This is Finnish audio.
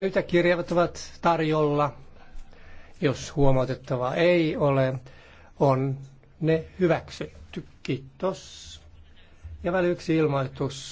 Pöytäkirjat ovat tarjolla. Jos huomautettavaa ei ole, on ne hyväksytty. Kiitos. Ja väliyksi ilmoitus.